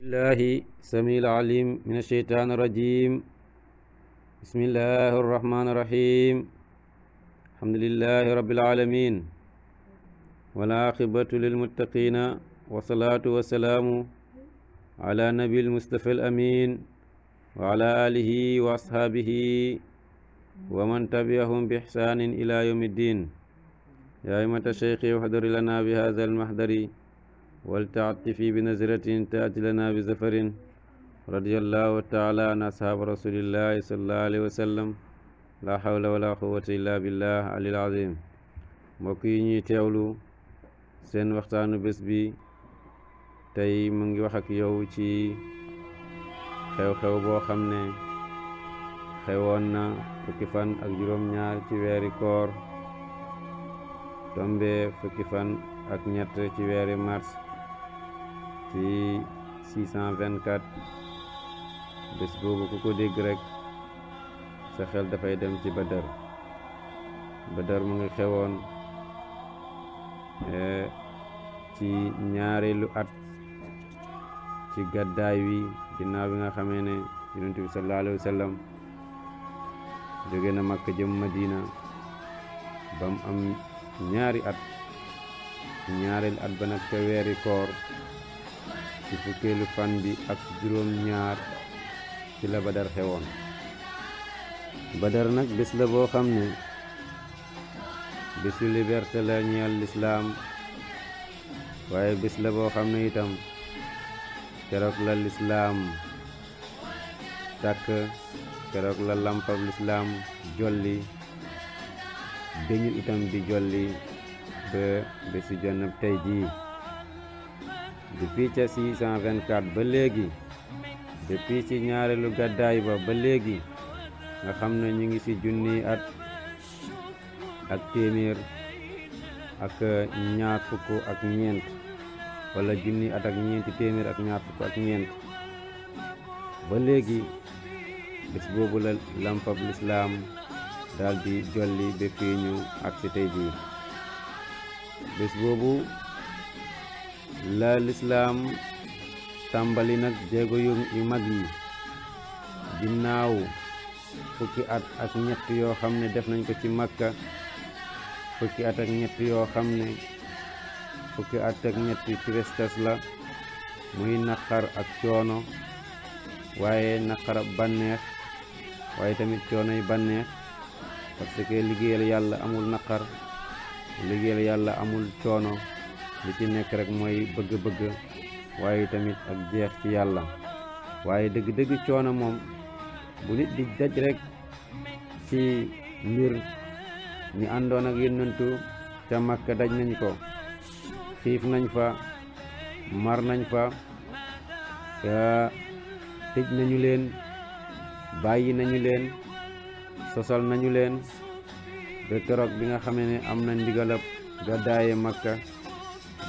الله سميع العليم من الشيطان الرجيم بسم الله الرحمن الرحيم الحمد لله رب العالمين والعاقبة للمتقين والصلاة والسلام على نبي المصطفى الأمين وعلى آله وأصحابه ومن تبعهم بإحسان إلى يوم الدين يا أئمة الشيخ وحضر لنا بهذا المحضر ولتعطفي بنزلة تأتي لنا بزفر رضي الله تعالى عن أصحاب رسول الله صلى الله عليه وسلم لا حول ولا قوة إلا بالله علي العظيم موكيني تيولو سن وقتانو بس بي تاي منغي وخاك يو تي خيو خيو بو خمنا خيوانا فكفان أجروم نار تي ويري كور تومبي فكفان أكنيات تي ويري مارس ci 624 bés boobu ku ko dégg rek sa xel dafay dem ci Badar Badar mu ngi xewoon eh, ci ñaareelu at ci gàddaay wi ginnaaw bi nga xamee ne yonent bi sallallahu alayhi wa jóge na Makka jëm Madina ba mu am ñaari at ñaareel at ba nag ca koor ci fukkeelu fan bi ak juróom ñaar ci la badar xewoon badar nag bés la boo xam ne bésu liberté la ñeel lislaam waaye bés la boo xam ne itam keroog la lislaam tàkk keroog la lampab lislaam jolli dañu itam bi jolli ba bésu jonnab tey jii depuis ca 624 ba léegi depuis ci ñaareelu gàddaay ba ba léegi nga xam ne ñu ngi ci junni at ak téeméer ak ñaar fukk ak ñeent wala junniy at ak ñeenti téeméer ak ñaar fukk ak ñeent ba léegi bés boobu la lampab lislaam daal jolli ba fii ñu ak ci tey bii bés boobu la lislaam tàmbali nag jéego yu mag yi ginnaaw fukki at ak ñett yoo xam ne def nañ ko ci makka fukki at ak ñett yoo xam ne fukki at ak ñett ci restes la muy naqar ak coono waaye naqar bànneex waaye tamit coono bànneex parce que liggéeyal yàlla amul naqar liggéeyal yàlla amul coono li ci nekk rek mooy bëgg-bëgg waaye tamit ak jeex ci yàlla waaye dëgg-dëgg coono moom bu nit di daj rek ci mbir ñi àndoon ak ca daj nañ ko nañ fa mar nañ fa tëj nañu leen bàyyi nañu leen sosal nañu leen ba keroog bi nga xamee ne am na ndigalab gàddaaye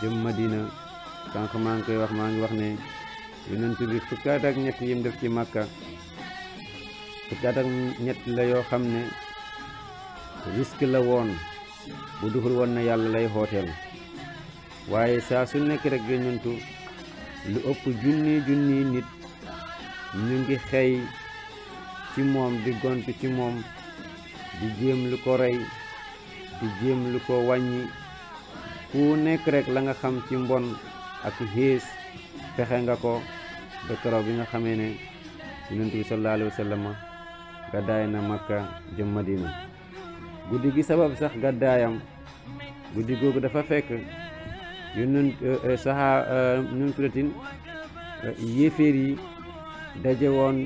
jëm Madina sànq wax maa ngi wax ne yonent bi fukkaat ak ñett yim def ci Makka fukkaat ak ñett la yoo xam ne risque la woon bu duxul woon na yàlla lay hooteel waaye saa su nekk rek yonentu lu ëpp junni junni nit ñu ngi xëy ci moom di gont ci moom di jéem lu ko rey di jéem lu ko wàññi ku nek rek la nga xam ci mbon ak hees fexé nga ko ba toro bi nga xamé né yonent sallallahu alayhi wasallam sallam na makka jëm madina guddi gi sabab sax gàddaayam guddi gogu dafa fekk yonent eh, saha eh, nun kretin yeferi yi daje woon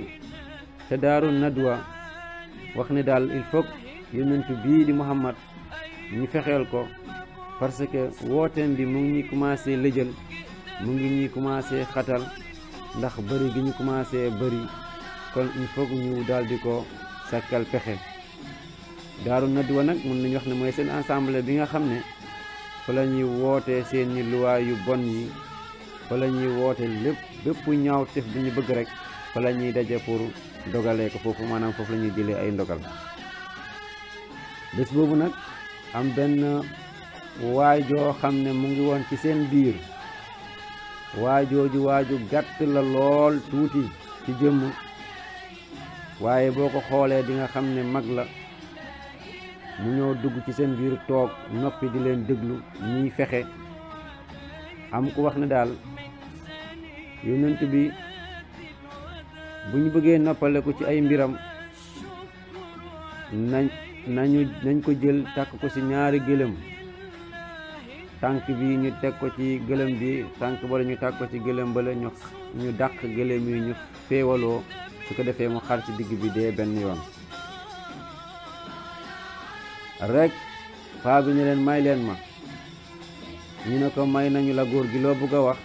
te daaru nadwa wax ne il faut bi di muhammad ñu fexel ko parce que wooteem bi mu ngi commencé lejeul mu ngi ñuy commencé xatal ndax bari gi ñu commencé bari kon il faut que ñu dal di ko sàkkal pexe daaru nadwa nak mun nañ wax ne moy seen ensemble bi nga xamné fa lañuy wote wootee ni loi yu bon yi fa lañuy ñuy lepp bepp ñaaw tef bu ñu bëgg rek fa lañuy dajé pour dogalé ko fofu manam fofu lañuy dilé ay ndogal bobu nak am benn waay joo xam ne mu ngi woon ci seen biir waajooju waaju gàtt la lool tuuti ci jëmm waaye boo ko xoolee di nga xam ne mag la mu ñoo dugg ci seen biir toog noppi di leen déglu ñuy fexe am ku wax ne daal yonent bi bu ñu bëggee noppale ko ci ay mbiram nañ nañu nañ ko jël tàkk ko ci ñaari gëlëm tànk bi ñu teg ko ci gëléem bi tànk bala ñu tàg ko ci gëlëm bala ñu ñu dàq gëléem yi ñu féewaloo su ko defee mu xar ci digg bi dee benn yoon rek paa bi ñu leen may leen ma ñu ne ko may nañu la góor gi loo bëgg a wax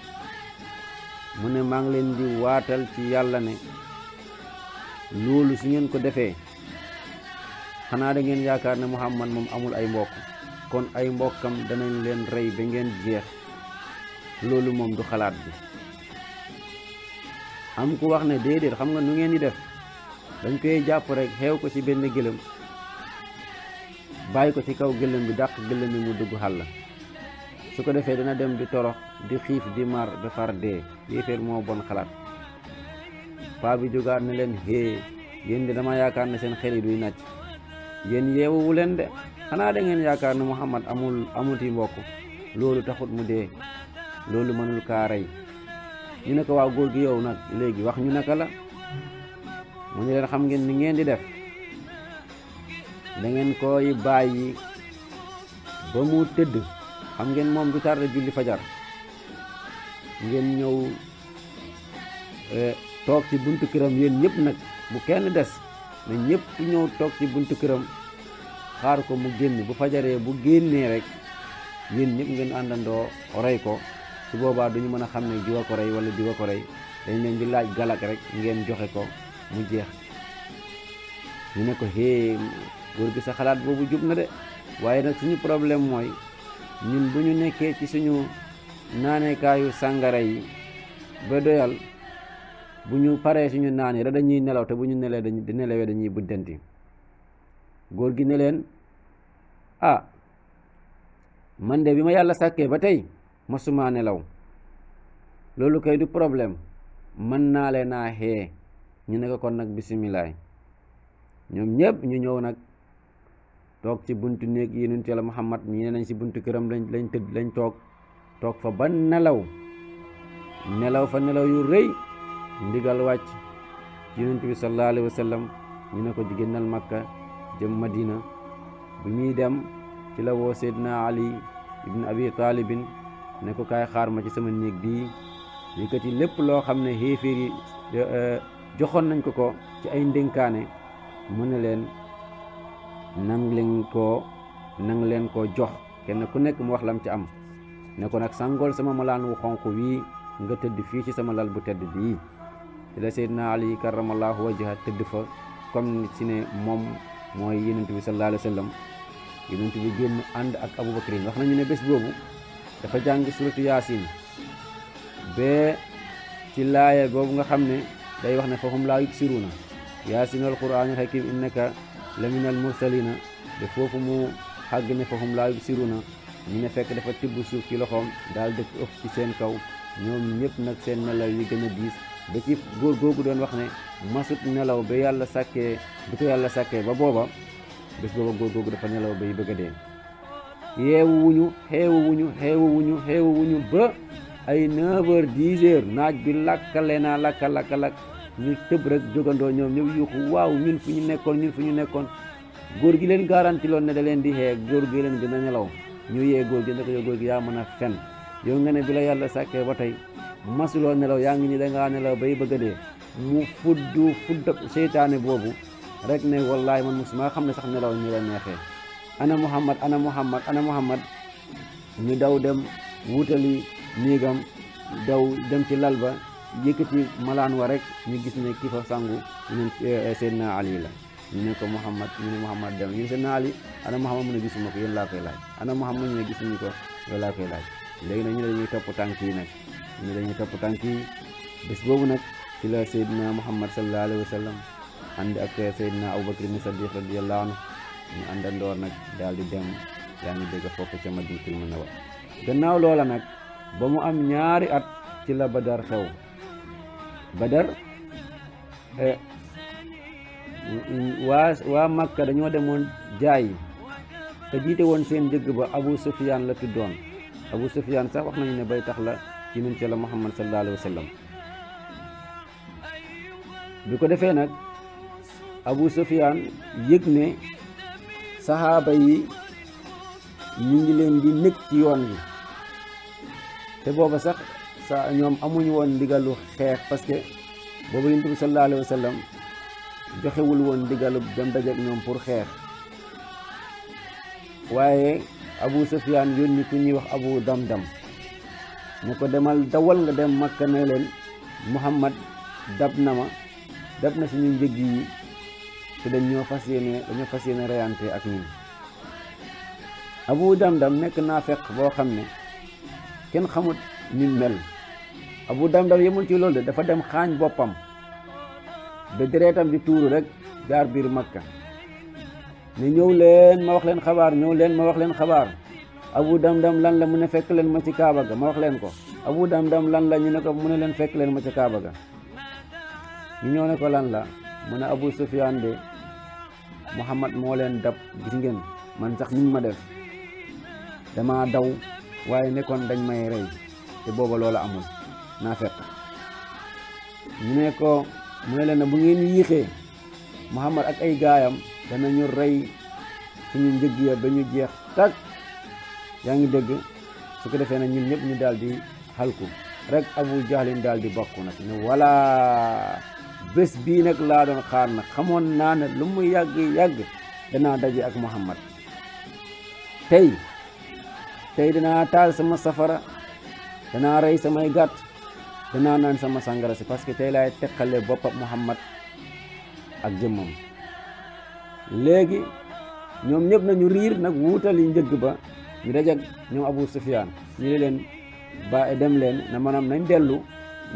mu ne maa ngi leen di waatal ci yàlla ne loolu su ngeen ko defee xanaa da ngeen yaakaar ne Muhammad moom amul ay mbokk kon ay mbokkam danañ leen rey ba ngeen jeex loolu moom du xalaat bi am ku wax ne déedéet xam nga nu ngeen di def dañ koy jàpp rek xew ko ci benn gëlëm bàyyi ko ci kaw gëlëm bi dàq gëlëm bi mu dugg xàll su ko defee dana dem di torox di xiif di mar ba far dee yéeféer moo bon xalaat paa bi jógaat ne leen yen yéen di dama yaakaar ne seen xel yi duy nàcc yéen de xana da ngeen yaakaar Muhammad amul amul mbokk loolu taxut mu dee loolu mënul kaa rey ñu ne ko waa góor gi yow nag léegi wax ñu naka la mu ñu leen xam ngeen ni ngeen di def da ngeen koy bàyyi ba mu tëdd xam ngeen moom du tarde julli fajar ngeen ñëw e, toog ci buntu këram yéen ñëpp nag bu kenn des na ñëpp ñëw toog ci buntu këram xaar ko mu génn bu fajaree bu génnee rek yéen ñëpp ngeen àndandoo rey ko su boobaa duñu mën a xam ne diwa ko rey wala diwa ko rey dañ leen di laaj galak rek ngeen joxe ko mu jeex mu ne ko hee góor gi sa xalaat boobu jub na de waaye nag ñu problème mooy ñun bu ñu nekkee ci suñu naaneekaayu sàngara yi ba doyal bu ñu paree suñu naan yi rek dañuy nelaw te bu ñu nelee dañuy nelawee dañuy buddanti góor gi ne len ah man de bima yalla sakke batay ba ne law lolou kay du problème man na le na he ñu ne ko kon ñu ñew nak tok ci buntu Muhammad ñi ne nañ ci buntu kërëm lañ lañ tedd lañ tok tok fa ba nelaw nelaw fa nelaw yu reey ndigal wacc yonent bi sallallahu alaihi wasallam ñu ne ko Makka jëm madina bi muy dem ci la wo seydina ali ibn abi talib ne ko kay xaar ma ci sama neeg bi yëkëti lepp lo xamne ne euh, joxon nañ ko ko ci ay ndénkaane mu ne len nang leen ko nang leen ko jox kenn ku nekk mu wax lam ci am ne ko nak sangol sama malan wu xonku wi nga tedd fi ci sama lal bu tedd bi ila sayyidina ali karramallahu wajha tedd fa comme ci ne mom mooy yonent bi sallallahu alayhi wa sallam yonent bi génn ànd ak Abubakar wax nañu ne bés boobu dafa jàng suratu yaasin bee ci laaya boobu nga xam ne day wax ne fahum laa yubsiruuna yaasin wal qur'aanil hakiim innaka la minal mursaliina de foofu mu xàgg ne fahum laa yubsiruuna ñu ne fekk dafa tibb suuf ci loxoom daal dëkk ëpp ci seen kaw ñoom ñëpp nag seen melaw yi gën a diis ba ci góor googu doon wax ne masut nelaw ba yàlla sàkkee bi ko yàlla sàkkee ba booba bés booba góor googu dafa nelaw bay bëgg a dee yeewu wuñu xeewu wuñu xeewu wuñu xeewu ba ay 9 heures 10 heures naaj bi lakkale naa lakka lakka lakk ñu tëb rek jógandoo ñoom ñëw yuuxu waaw ñun fu ñu nekkoon ñun fu ñu nekkoon góor gi leen garanti loon ne da leen di xee góor gi leen gën a nelaw ñu yee góor gi ne ko yow góor gi yaa mën a fen yow nga ne bi la yàlla sàkkee ba tey masiloo nelaw yaa ngi ni dangaa nelaw bay bëgg a dee mu fuddu fuddu seytaane boobu rek ne wallahi man musuma xam ne sax nelaw ñu la neexee ana muhammad ana muhammad ana muhammad ñu daw dem wutali néegam daw dem ci lal ba yëkkati malaan wa rek ñu gis ne kii fa sangu ñun eh, Seydina Ali la ñu ne ko Muhammad ñu ne Muhammad dem ñu ne Seydina Ali ana Muhammad mu ne gisuma ko yéen laa koy laaj ana Muhammad ñu ne gisuñu ko yow laa koy laaj léegi nag ñu dañuy topp tànk yi nag ñu dañuy topp tànk yi bés boobu nag ci la Seydina Muhammad sallallahu alayhi eh, wa sallam ànd ak Seydina Abubakar ni Sadiq radiyallahu anhu ñu àndandoor nag daal di dem yaa ngi dégg foofu ca Madinatul Munawwara gannaaw loola nag ba mu am ñaari at ci la Badar xew Badar waa waa Makka dañoo demoon jaay te jiite woon seen jëgg ba abou Sufyaan la tuddoon Abu Sufyaan sax wax nañu ne bay tax la ci nun ci la Muhammad sallallahu alayhi wa sallam bi ko defee nag Abu Sufyaan yëg ne saxaaba yi ñu ngi leen di nekk ci yoon bi te booba sax sa ñoom amuñu woon ndigalu xeex parce que booba Yonent bi sallallahu alayhi joxewul woon ndigalu dem dajeek ñoom pour xeex waaye abu sufyaan yónni ku ñuy wax abu dam-dam ne ko demal dawal nga dem makka ne leen muhammad dab na ma dab na suñu njëg yi te dañoo fas yéene dañoo fas yéene reyante ak ñun abu dam-dam nekk naa feq boo xam ne kenn xamut ni mel abu dam-dam yemul ci loolu de dafa dem xaañ boppam ba deretam di tuuru rek jaar biir makka ne ñëw leen ma wax leen xabaar ñëw leen ma wax leen xabaar abu dam-dam lan la mu ne fekk leen ma ci kaaba ga ma wax leen ko abu dam-dam lan la ñu ne ko mu ne leen fekk leen ma ci kaaba ga ñu ne ko lan la mu ne abu sufyaan de muhammad moo leen dab gis ngeen man sax niñ ma def dama daw waaye nekkoon dañ may rey te booba loola amul naa fekk ñu ne ko mu ne leen bu ngeen yiixee muhammad ak ay gaayam danañu rey suñu njëg ya ba ñu jeex tak yaa ngi dégg su ko defee nag ñun ñëpp ñu daal di rek abu jahlin daal di bokk nag ne wala bés bii nag laa doon xaar nag xamoon naa ne lu mu yàgg yàgg danaa daje ak muhammad tey tey danaa taal sama safara danaa rey sama gàtt danaa naan sama sàngara si parce que tey laay teqale muhammad ak jëmmam legi ñom ñep na rir nak wutal wuutali njëgg ba ñu ñom Abu Sufyan ñu leen ba dem leen ya na manam nañ delu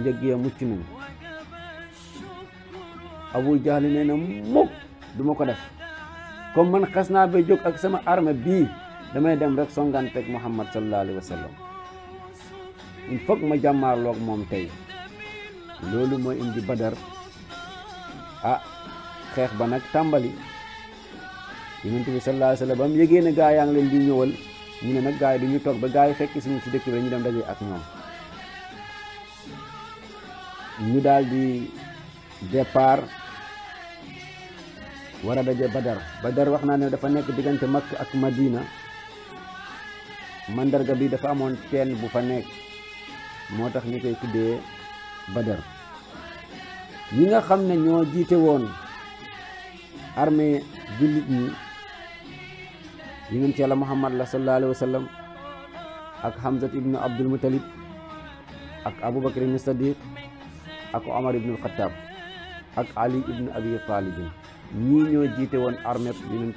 njëgg ye mucc Abu Jahli neena mok mukk du kasna ko def comme man xasna be jog ak sama arme bi damay dem rek ak Muhammad sallallahu Alaihi Wasallam il faut ma lok mom tay moy indi Badar ah xex ba nak tambali yonent bi sallallahu alayhi ba mu yëgee gaa yaa ngi leen di ñëwal ñu ne nag gaa yi du ñu toog ba gaa yi fekk suñu si dëkk bi ñu dem daje ak ñoom ñu daal di départ war a daje Badar Badar wax naa ne dafa nekk diggante Makka ak Madina mandarga bi dafa amoon teen bu fa nekk moo tax ñu koy tuddee Badar ñi nga xam ne ñoo jiite woon armée jullit ñi yonent yàlla muhammad la sallallahu alayhi wa sallam ak hamzat ibnu abdul mutalib ak abubakar ibnu sadiq ak omar ibnu alxataab ak ali ibnu abi talibin ñii ñoo jiite woon armée yonent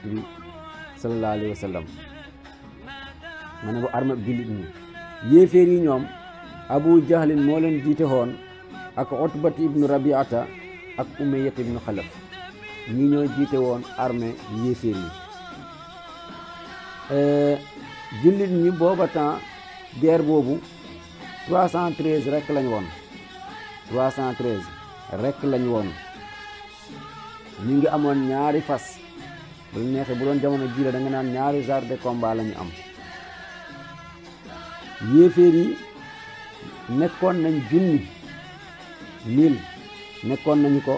ñi yéeféer yi ñoom abu jahlin moo leen jiite woon ak otbat ibnu rabiata ak umayat ibnu xalaf ñii ñoo jiite woon armée yéeféer yi Euh, jullit ñi booba temps guerre boobu 313 rek lañ woon 313 rek lañ woon ñu ngi amoon ñaari fas bu neexee bu doon jamono jii la naan ñaari genre de combat la ñu am yéeféer yi nekkoon nañ junni mil nekkoon nañu ko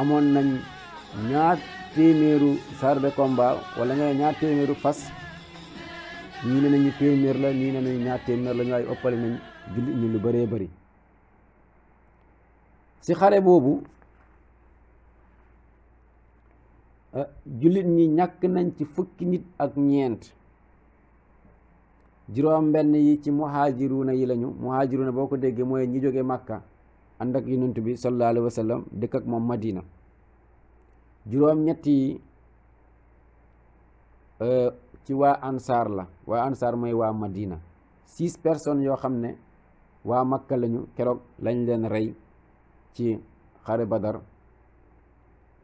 amoon nañ ñaar temeru sar de combat wala ngay ñaar temeru fas ni ne nañu temer la ni ne nañu ñaar temer la ñu ay oppale nañ julli ñu lu bare bare si xare bobu ah, julit ñi ñak nañ ci fukki nit ak ñent juróom benn yi ci muhaajiruuna yi lañu muhaajiruuna boo ko déggee mooy ñi jóge màkka ànd ak yonent bi salallahu alehi wa sallam dëkk ak moom madina jurom ñetti euh ci wa ansar la wa ansar moy wa madina 6 personnes yo xamne wa makka lañu kéro lañ leen ray ci khare badar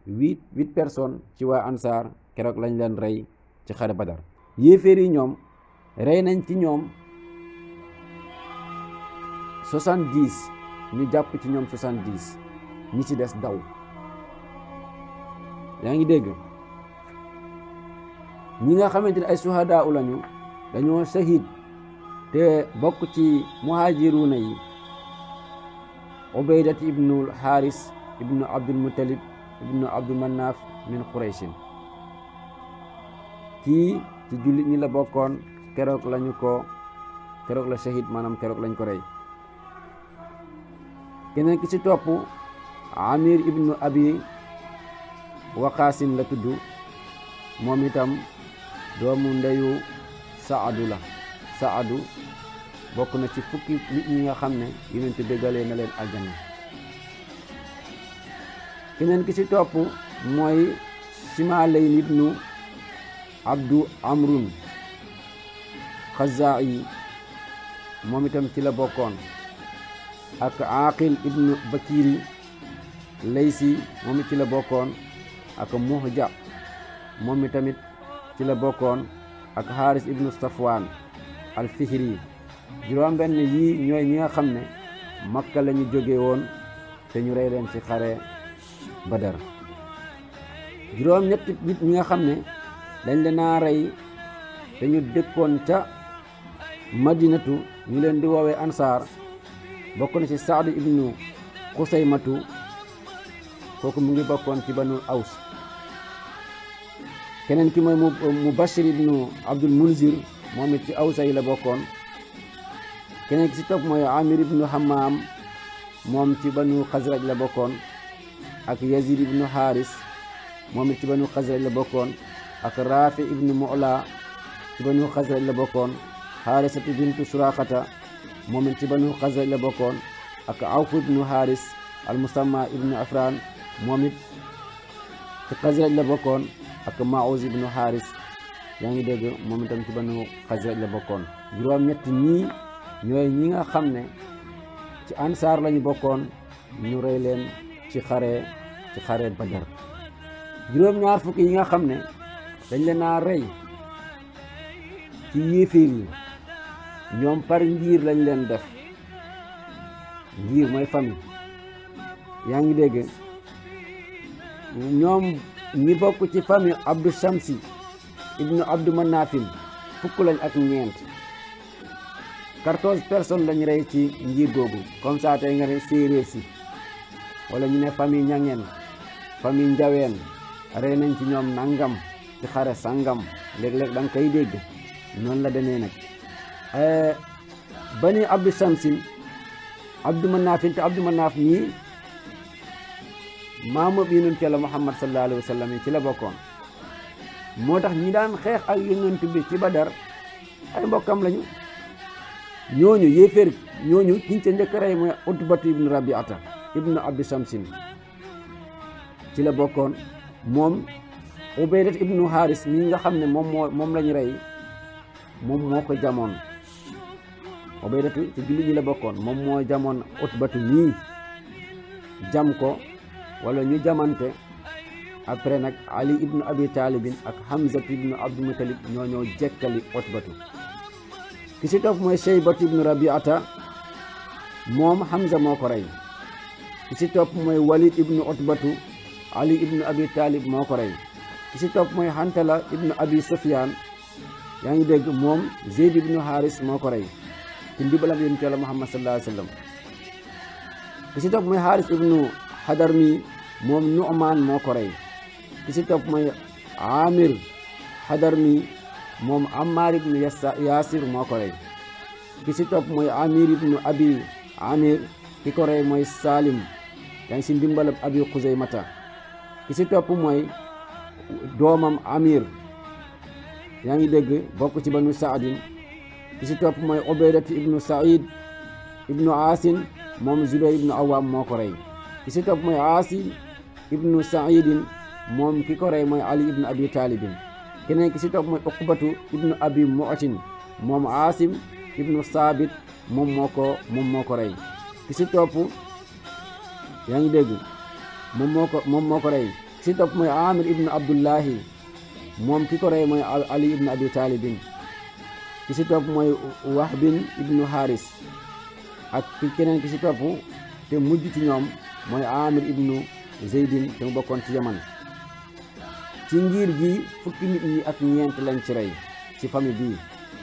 8 8 personnes ci wa ansar kéro lañ leen ray ci khare badar yéféri ñom ray nañ ci ñom 70 ñu japp ci ñom 70 ñi ci dess daw yaa ngi dégg ñi nga xamante ne ay suhadaa lañu dañoo shahid te bokk ci muhaajiruuna yi ubaydat ibnu haris ibnu abdul muttalib ibnu abdul mannaaf min qurayshin kii ci jullit ñi la bokkoon keroog lañu ko keroog la shahid maanaam keroog lañ ko rey keneen ki ci topp amir ibnu abi waqaasin la tudd moom itam doomu ndeyu saadu la saadu bokk na ci fukki nit ñi nga xam ne yonent déggalee na leen aljanna keneen ki ci topp mooy Simalayl ibnu Abdu Amrun Xazaa yi moom itam ci la bokkoon ak Aqil ibnu Bakiri Laysi moom it ci la bokkoon ak muhja momi tamit ci la bokon ak haris ibnu safwan al fihri juroom ben yi ñoy ñi nga xamne makka lañu joge won te ñu rey leen ci xare badar juroom ñet nit ñi nga xamne dañ leen a rey te ñu dekkon ca madinatu ñu leen di wowe ansar bokku ci sa'd ibnu xusaymatu kooku mu ngi bokkon ci banu aus keneen ki mooy mu Bashir ibnu Abdul Munzir moom it ci awsa yi la bokkoon keneen ki si topp mooy Amir ibnu Hammaam moom ci banu Xasraj la bokkoon ak Yazid ibnu Haris moom it ci banu Xasraj la bokkoon ak Raafi ibnu Mu'la ci banu Xasraj la bokkoon Xaarisatu bintu Suraaxata moom it ci banu Xasraj la bokkoon ak Awf ibnu Haris al Musamma ibnu Afraan moom it ci la bokkoon ak maouz ibn haris yang deg dégg tam ci banu xasraj la bokkoon juroom ñet ni ñoy ñi nga xamne ci ansar lañu bokkoon ñu reey leen ci xare ci xare badar juroom ñaar fuk yi nga xamne dañ leena reey ci yefeel ñom par ngir lañ leen def ngir moy fami deg ñom ñi bokk ci famille Abdou Shamsi ibnu Abdou Manafil fukk lañ ak ñeent quatorze personnes lañ rey ci njiit googu comme ça nga ne séeréer si wala ñu ne famille ñangeen famille njaween rey nañ ci ñoom nangam ci xare sangam léeg-léeg da nga koy dégg noonu la demee nag eh, bani Abdou Shamsin Abdou Manafil te Abdou Manaf ñii maamam yonent yàlla Muhammad sallallahu yi ci la bokkoon moo tax ñi daan xeex ak yonent bi ci Badar ay mbokkam lañu ñooñu yéeféer ñooñu kiñ ca njëkk rey mooy Utbatu ibnu Rabiata ibnu Abdi Samsin ci la bokkoon moom Ubaydat ibnu Haris mii nga xam ne moom moom lañu rey moom moo ko jamoon Ubaydatu ci julli ñi la bokkoon moom moo jamoon Utbatu mii jam ko wala ñu jamante après nag ali ibnu abi taalibin ak hamzat ibnu abdul mutalib ñoo ñëw jekkali otbatu ki si topp mooy sheybat ibnu rabiata moom hamza moo ko rey ki si topp mooy walid ibnu otbatu ali ibnu abi taalib moo ko rey ki si topp mooy hantala ibnu abi sufyaan yaa ngi dégg moom zeyd ibnu haris moo ko rey ci ndibalam yonent Yàlla muhammad sallallahu alayhi ki si topp mooy haris ibnu xadar mi moom nu'maan moo ko ki si topp mooy amir xadar moom ammaar ibnu yaasir moo ko ki si topp mooy amir ibnu abi amir ki ko rey mooy saalim yaa si ndimbalab abi xuzaymata ki si topp mooy doomam amir yaa ngi dégg bokk ci banu saadin ki si topp mooy ubaydat ibnu said ibnu asin moom zubayr ibnu awaam moo ko rey ki si topp mooy aasim ibnu saidin moom ki ko rey mooy ali ibnu abi taalibin keneen ki si topp mooy uqbatu ibnu abi mu'tin moom aasim ibnu saabit moom moo ko moom rey ki si topp yaa ngi dégg moom moo ko moom moo ko rey ki si topp mooy amir ibnu abdullahi moom ki ko rey mooy ali ibnu abi taalibin ki si topp mooy wahbin ibnu haris ak keneen ki si topp te mujj ci ñoom mooy amir ibnu zeydin te mu bokkoon ci yaman ci ngir gi fukki nit ñi ak ñeent lañ ci rey ci famille bii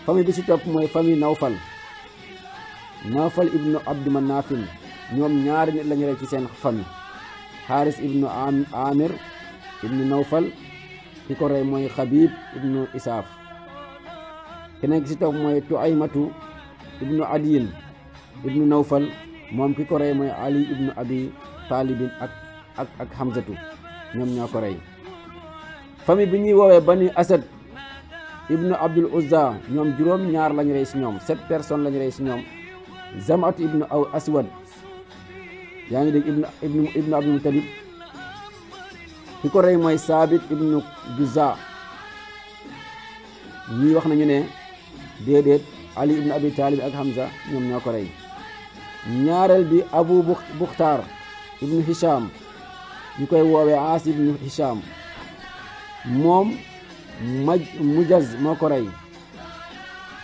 famille bi ci topp mooy famille nawfal nawfal ibnu abdu manafin ñoom ñaari nit lañu rey ci seen famille xaaris ibnu amir ibnu nawfal ki ko rey mooy xabib ibnu isaaf keneen ki ci topp mooy tuaymatu ibnu adiyin ibnu nawfal moom ki ko rey mooy ali ibnu abi talibin ak ak ak hamzatu ñom ñoko ray fami bi ñi wowe bani asad ibnu abdul uzza ñom juróom ñaar lañ ray ci ñom sept personnes lañ ray ci ñom zamat ibnu aw aswad yaangi ngi ibnu ibnu ibnu abdul talib kiko ray moy sabit ibnu juza ñi wax nañu ne dedet ali ibnu abi talib ak hamza ñom ñoko ray rey bi abu buxtaar ibnu Hisham ñu koy woowee Aas ibnu Hisham moom maj mujaz moo ko rey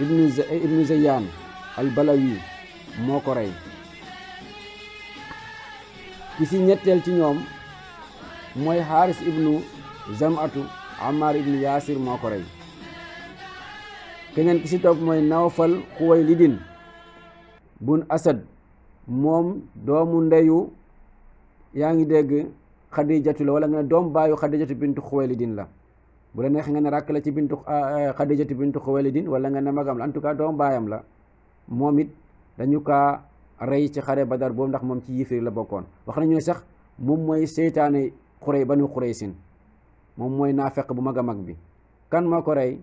ibnu ibnu Zayyan al-Balawi moo ko rey ki si ñetteel ci ñoom mooy Xaaris ibnu Zamatu Ammar ibnu Yaasir moo ko keneen ki si topp mooy Nawfal Xuwaylidin bun Asad moom doomu ndeyu yaa ngi dégg xadijatu la wala nga ne doom baayu xadijatu bintu din la bu la neex nga ne rakk la ci bintu xadijatu ah, eh, bintu xuwaylidin wala nga ne magam la en tout cas doom baayam la moom it dañu kaa rey ci xare badar boobu ndax moom ci yifiri la bokkoon wax nañu sax moom mooy seytaane ba xurey banu xureysin moom mooy naafeq bu mag a mag bi kan ma ko rey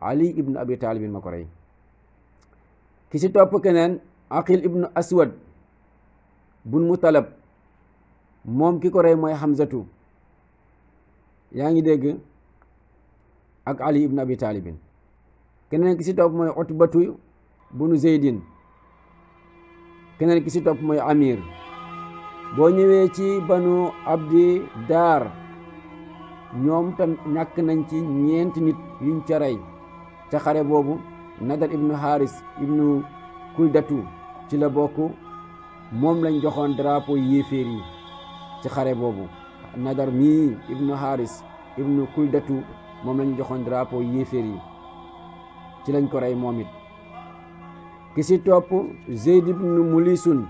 ali ibnu abi taalibin ma ko rey ki si topp keneen aqil ibnu aswad bun mutalab moom ki ko rey mooy Hamzatu yaa ngi dégg ak Ali ibn Abi Talibin keneen ki si topp mooy Utbatu bunu Zeydin keneen ki si topp mooy Amir boo ñëwee ci banu Abdi Daar ñoom tam ñàkk nañ ci ñeenti nit yuñ ca rey ca xare boobu Nadar ibnu Haris ibnu Kuldatu ci la bokk moom lañ joxoon drapeau yéeféer yi ci xare boobu nadar mii ibnu haris ibnu kuldatu moom lañu joxoon drapeau yéeféer yi ci lañ ko rey moom it ki si topp zeyd ibnu mulisun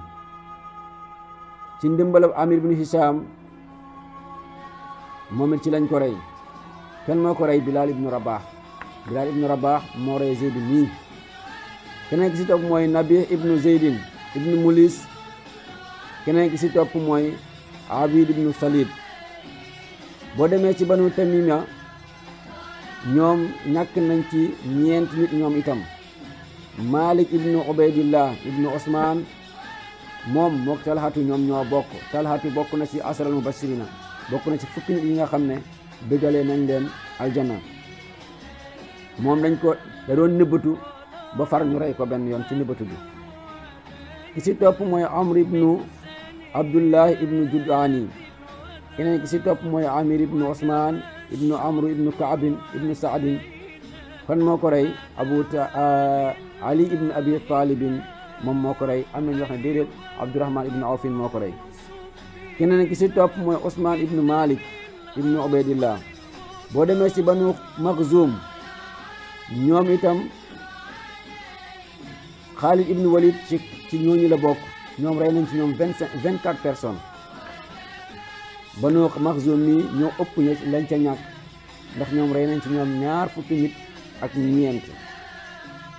ci ndimbalab amir ibnu hisaam moom it ci lañ ko rey kenn moo ko rey bilaal ibnu rabaax bilaal ibnu rabaax moo rey zeyd mii keneen ki si topp mooy nabi ibnu zeydin ibnu mulis keneen ki si topp mooy abid ibnu salib boo demee ci banu tamima ñoom ñàkk nañ ci ñeenti nit ñoom itam malik ibnu ubaydillah ibnu osman moom mook talxatu ñoom ñoo bokk talxatu bokk na ci asral mubashirina bokk na ci fukki nit yi nga xam ne bëggalee nañ leen aljana moom dañ ko da doon nëbbatu ba far ñu rey ko benn yoon ci nëbbatu bi ki ci topp mooy amr ibnu abdullah ibnu judani keneen ki si topp mooy amir ibnu osman ibnu amru ibnu kaabin ibnu saadin fan moo ko rey abu ali ibnu abi talibin moom moo ko rey am nañu wax ne déedéet abdourahman ibnu awfin moo ko rey keneen ki si topp mooy osman ibnu malik ibnu ubaydillah boo demee si banu maxzoum ñoom itam xaalid ibnu walid ci ci ñooñu la bokk ñoom rey nañ ci ñoom vingt cinq vingt quatre personnes Banu Maxsum mi ñoo ëpp ña lañ ca ñàkk ndax ñoom rey nañ ci ñoom ñaar fukki nit ak ñeent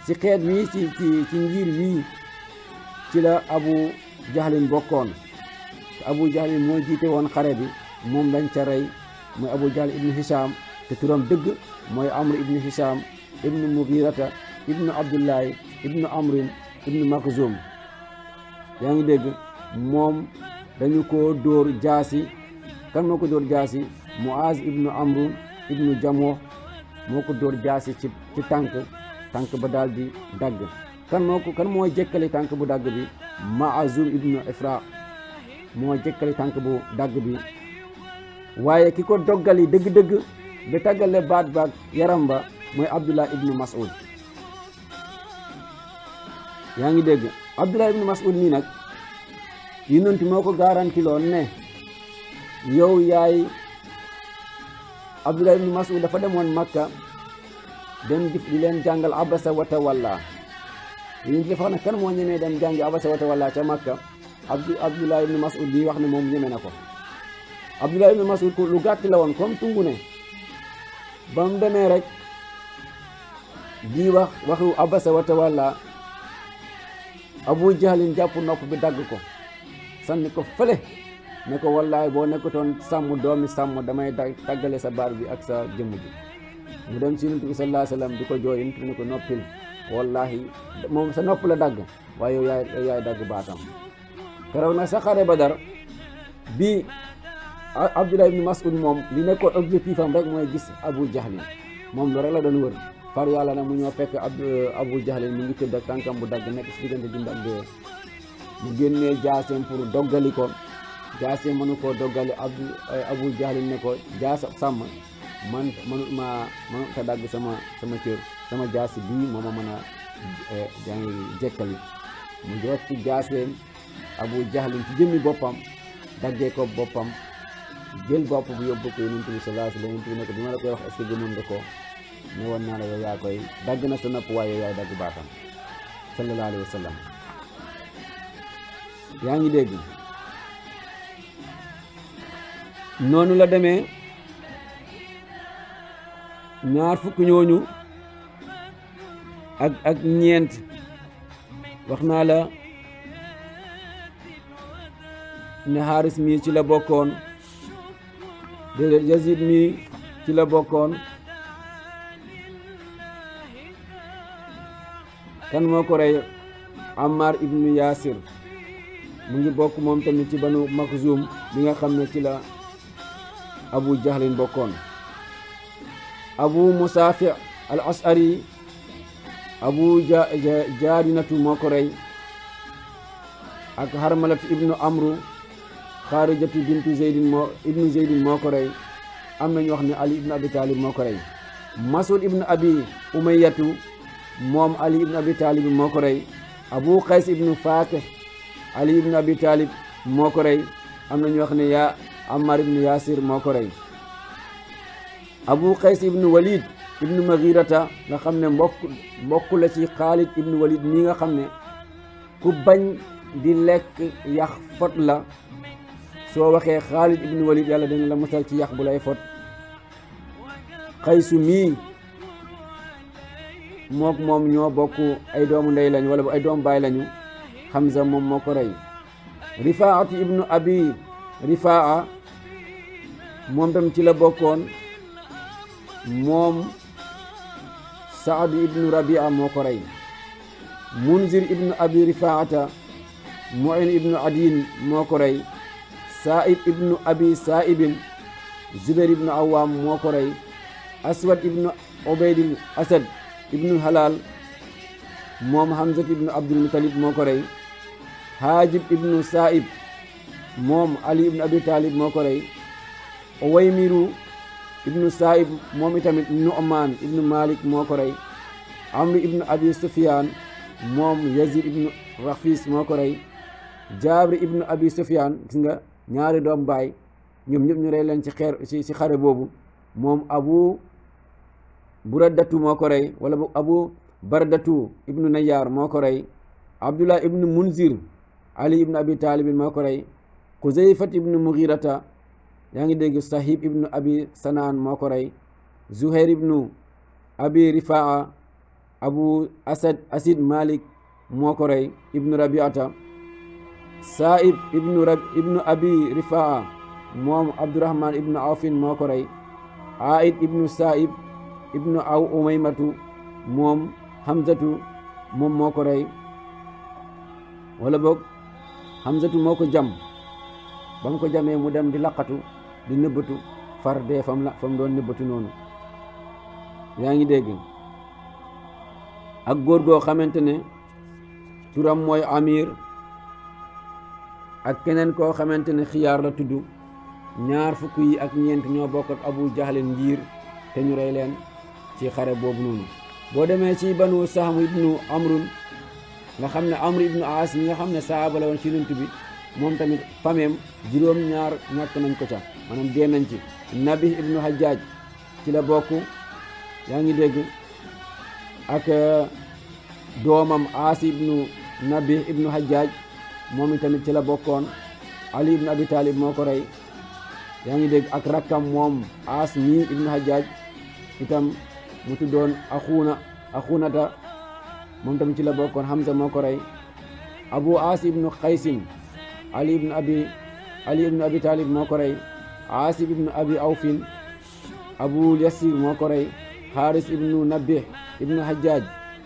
ci xeet wi ci ci ci ngir wii ci la Abu Jahlin bokkoon te Abu Jahlin moo jiite woon xare bi moom lañ ca rey mooy Abu Jahl ibnu Hisham te turam dëgg mooy Amr ibnu Hisham ibnu Mughirata ibnu Abdullahi ibnu Amrin ibnu Maxsum yaa ngi dégg moom dañu ko dóor jaasi kan moo ko dóor jaasi Muaz ibnu Amru ibnu Jamoo moo ko dóor jaasi ci ci tànk tànk ba daal di kan moo ko kan moo jëkkale tànk bu dagg bi Maazur ibnu Ifra moo jëkkale tànk bu dàgg bi waaye ki ko doggali dëgg-dëgg ba tàggale baat baag yaram ba mooy Abdullah ibnu Mas'ud yaa ngi dégg Abdullah ibn Mas'ud nii nag yonent moo ko garanti loon ne yow yaay Abdullah ibn Mas'ud dafa demoon Makka dem di leen jàngal abasa wa tawalla yonent dafa ne kan moo ñemee dem jàngi abasa wa tawalla ca Makka Abdu Abdullah ibn Mas'ud di wax ne moom ñeme ne ko Abdullah ibn Mas'ud ko lu gàtt la woon comme tungu ne ba mu demee rek di wax waxu abasa wa tawalla abu jahlin jàpp nopp bi dagg ko sànni ko fële ne ko wallaay boo nekkutoon sàmm doomi sàmm damay taggale sa baar bi ak sa jëmm ji mu dem si yonent bi sallallahu di ko jooy yonent bi ne ko noppil wallahi moom sa nopp dagg waaye yow yaay yaay dagg baatam keroog nag sa xare Badar bi Abdullah ibn moom li nekkoon objectif rek mooy gis Abu Jahlin moom lu rek la doon wër far yalla ne mu ñoo fekk abou jahal mi ngi tedd tankam bu dag nek ci digënde di ak dee mu génnee jaasem pour dogali ko jaase mënu ko dogali abou eh, abou jahal ne ko jaas sam man mënu ma man ta dag sama sama cër sama jaas bi moo mëna mën eh, a mu jox ci jaasem abou jahal ci jëmi bopam dagge ko bopam jël bop bu yobbu ko yonent bi sallallahu alayhi wasallam sallam yonent ko wax est-ce que gëmoon nga ko ne woon naa la yow yaa koy dagg na sa nopp waaye yaay dagg baatam yaa ngi dégg noonu la demee ñaar fukk ñooñu ak ak ñeent wax naa la ne xaaris mii ci la bokkoon déedéet Yazid ci la bokkoon kan moo ko rey Ammar ibnu Yaasir mu ngi bokk moom tamit ci banu Maxzum bi nga xam ne ci la Abu Jahlin bokkoon Abu Musaafi al Asari Abu Jaadinatu moo ko rey ak Harmalatu ibnu Amru Xaarijatu bintu Zeydin moo ibnu Zeydin moo ko rey am nañu wax ne Ali ibnu Abi Taalib moo ko rey Masud ibnu Abi Umayyatu moom ali ibn abi moo ko rey abu qays ibn faake ali ibn abi talib moo ko rey am na ñu wax ne yaa ammar ibn yasir moo ko rey abu qays ibn walid ibn maghirata nga xam ne mbokk mbokk la ci xaalid ibn walid mii nga xam ne ku bañ di lekk yax fot la soo waxee xaalid ibn walid yàlla dina la musal ci yax bu lay fot xaysu mii mook moom ñoo bokk ay doomu ndey wala bu ay doomu baay lañu moom moo ko rey rifaatu ibnu abi rifaa moom tam ci la bokkoon moom saadu ibnu rabia moo ko rey munzir ibnu abi rifaata muin ibnu adiin moo ko rey saib ibnu abi saibin zubair ibnu awaam moo ko rey aswad ibnu obaydil asad ibnu Halal moom Hamzat ibnu Abdul Mutalib moo ko rey Haajib ibnu Saib moom Ali ibnu Abi Talib moo ko rey Uwaymiru ibnu Saib moom itamit Nu'man ibnu Malik moo ko rey ibnu Abi Sufyan moom Yazid ibnu Rafis moo ko rey ibnu Abi Sufyan gis nga ñaari doom baay ñoom ñëpp ñu rey leen ci xeer ci ci xare boobu moom Abu buradatu moo ko rey abu bardatu ibnu nayaar moo rey abdullah ibnu munzir ali ibnu abi taalibin moo rey xuzeyfat ibnu mughirata yaa ngi dégg sahib ibnu abi sanaan moo ko rey zuhair ibnu abi rifaa abu asad asid malik moo rey ibnu rabiata saib ibnu abi rifaa moom abdourahman ibnu awfin moo rey aid ibnu saib ibnu aw umaymatu moom hamzatu moom moo ko rey wala boog hamzatu moo ko jam ba mu ko jamee mu dem di laqatu di nëbbatu far dee fam la doon nëbbatu noonu yaa ngi dégg ak góor goo xamante ne turam mooy amir ak keneen koo xamante ne xiyaar la tudd ñaar fukk yi ak ñeent ñoo bokk ak abu jahlin njiir te ñu rey leen ci xare bobu non bo demé ci banu sahm ibnu amrun nga xamné amr ibnu as mi nga xamné sahaba saaba la woon ci yonent bi mom tamit famem jurom ñaar ñak nañ ko ca manam nañ ci nabi ibnu hajjaj ci la bokku ya ngi dégg ak euh, domam as ibnu nabi ibnu hajjaj mom tamit ci la bokkon ali ibn abi talib moko ray ya ngi dégg ak rakam mom as mi ibnu hajaj, itam mu tuddoon axuuna axuunata moom tamit ci la bokkoon Hamza moo ko rey abu aas ibnu xaysin ali ibnu abi ali ibnu abi moo ko rey aasib ibnu abi awfin abul yasir moo ko rey xaaris ibnu nabih ibnu hajjaaj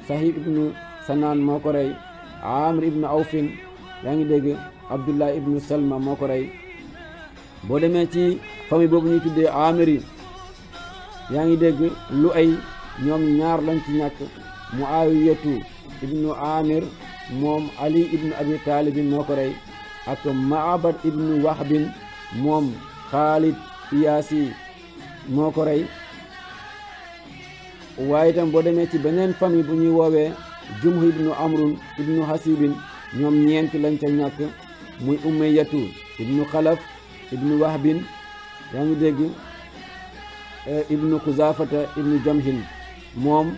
sahib ibnu sanaan moo ko rey amr ibnu awfin yaa ngi dégg abdullah ibnu salma moo ko rey boo demee ci famille boobu ñuy tuddee amiri yaa ngi dégg lu ay ñoom ñaar lañ ci ñàkk muawiyatu ibnu amir moom ali ibnu abi taalibin moo ko rey ak maabad ibnu wahbin moom xaalid iyaasi moo ko rey waaye itam boo demee ci beneen famille bu ñuy woowee jumh ibnu amrun ibnu hasibin ñoom ñeent lañ ca ñàkk muy umayatu ibnu xalaf ibnu wahbin yaa ngi dégg E ibnu kousafata ibnu jamhil moom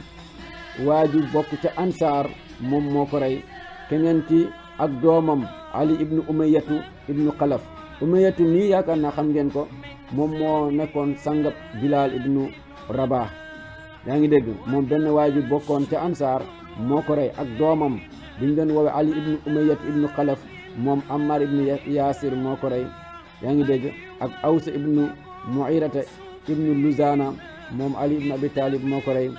waaju bokk ca ansar moom moo ko rey keñanti ak doomam ali ibnu umayatu ibnu xalaf umayatu mii yaakaar naa xam ngeen ko moom moo nekkoon sangab bilal ibnu rabah yaa ngi dégg moom benn waaju bokkoon ca ansar moo ko rey ak doomam biñu doon woowe ali ibnu umayatu ibnu xalaf moom ammar ibnu yasir moo ko rey yaa ngi dégg ak awsa ibnu muirata ibnu Luzaana moom Ali ibnu Abi Taalib moo ko rey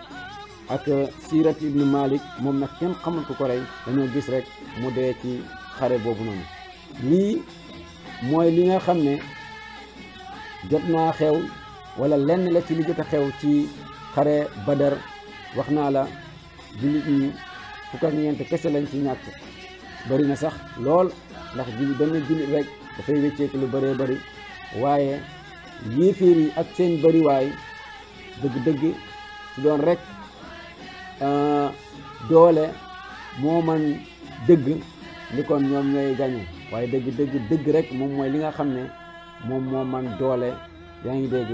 ak Siirat ibnu Malik moom nag kenn xamul ku ko rey dañoo gis rek mu dee ci xare boobu noonu lii mooy li nga xam ne jot naa xew wala lenn la ci li jot xew ci xare Badar wax naa la jullit ñi fukk ak ñeent kese lañ ci ñàkk bëri na sax lool ndax jullit benn jullit rek dafay wécceeku lu bëree bari waaye yéeféer yi ak seen way dëgg-dëgg su doon rek euh, doole moo man dëgg ni kon ñoom ñooy gañe waaye dëgg dëgg dëgg rek moom mooy li nga xam ne moom moo man doole yaa ngi dégg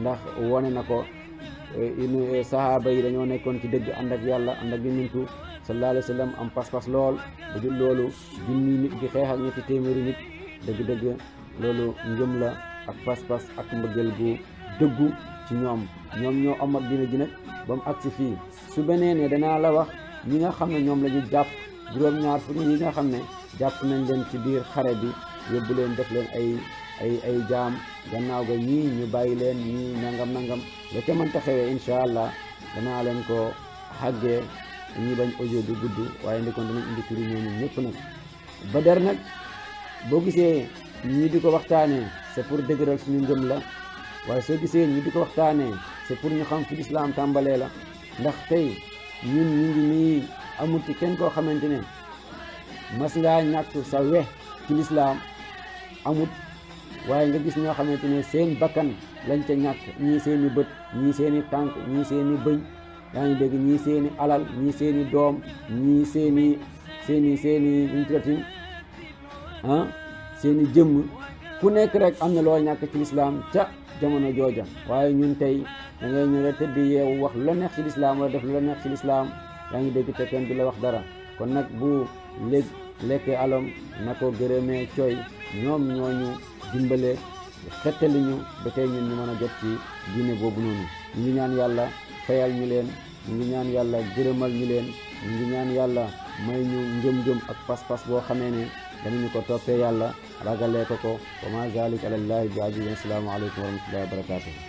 ndax wone na ko euh, euh, sahaba yi dañoo nekkoon ci dëgg ànd ak yàlla ànd ak yonentu sallallahu alayhi wasallam am pas-pas lool bu jul loolu junni nit di xeex ak ñetti téeméeri nit dëgg-dëgg loolu ngëm la ak pas-pas ak mbëggeel gu dëggu ci ñoom ñoom ñoo amat dina ji nag ba mu agsi fii su benee ne danaa la wax ñi nga xam ne ñoom lañu ñu jàpp juróom-ñaar fukk yi nga xam ne jàpp nañ leen ci biir xare bi yóbbu leen def leen ay ay ay jaam gannaaw ga ñii ñu bàyyi leen ñii nangam nangam la ca mënta xewee incha allah danaa leen ko xàggee ñi bañ audio bi gudd waaye ndikoon danañ indi turu ñooñu ñëpp nag Badar nag boo gisee ñii di ko waxtaanee c'est pour dëgëral suñu ngëm la waaye soo gisee ñii di ko waxtaanee c'est pour ñu xam fi lislaam tàmbalee la ndax tey ñun ñu ngi nii amul ci kenn koo xamante ne mas ngaa ñàkk sa we ci lislaam amut waaye nga gis ñoo xamante ne seen bakkan lañ ca ñàkk ñii seeni i bët ñii seen i tànk ñii seen seeni bëñ yaa ngi dégg ñii seen alal ñii seen i doom ñii seen i seen i seeni jëmm ku nekk rek am na loo ñàkk ci lislaam ca jamono jooja waaye ñun tey da ngay tëdd yeewu wax lu la neex ci lislaam wala def lu la neex ci lislaam yaa ngi dégg te kenn du la wax dara kon nag bu léeg lekkee alom na ko gërëmee cooy ñoom ñooñu dimbale xettali ñu ba tey ñun ñu mën a jot ci diine boobu noonu ñu ngi ñaan yàlla fayal ñu leen ñu ñaan yàlla gërëmal ñi leen ñu ñaan yàlla may ñu ngëm-ngëm ak pas-pas boo xamee ne danañu ko toppee yàlla ragalee ko ko wa ma zalik alallahi bi aziz assalaamu aleykum wa rahmatullahi wa barakatuh